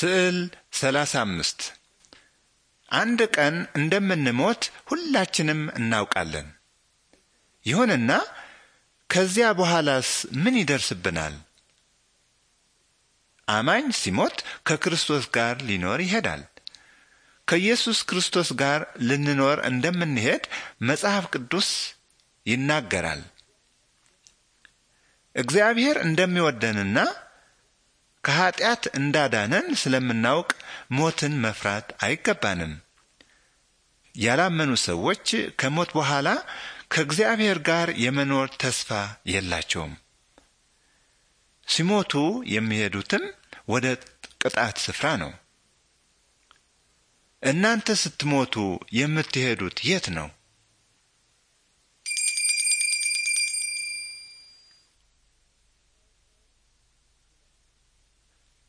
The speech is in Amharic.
ስዕል 35 አንድ ቀን እንደምንሞት ሁላችንም እናውቃለን። ይሁንና ከዚያ በኋላስ ምን ይደርስብናል? አማኝ ሲሞት ከክርስቶስ ጋር ሊኖር ይሄዳል። ከኢየሱስ ክርስቶስ ጋር ልንኖር እንደምንሄድ መጽሐፍ ቅዱስ ይናገራል። እግዚአብሔር እንደሚወደንና ከኃጢአት እንዳዳነን ስለምናውቅ ሞትን መፍራት አይገባንም። ያላመኑ ሰዎች ከሞት በኋላ ከእግዚአብሔር ጋር የመኖር ተስፋ የላቸውም። ሲሞቱ የሚሄዱትም ወደ ቅጣት ስፍራ ነው። እናንተ ስትሞቱ የምትሄዱት የት ነው?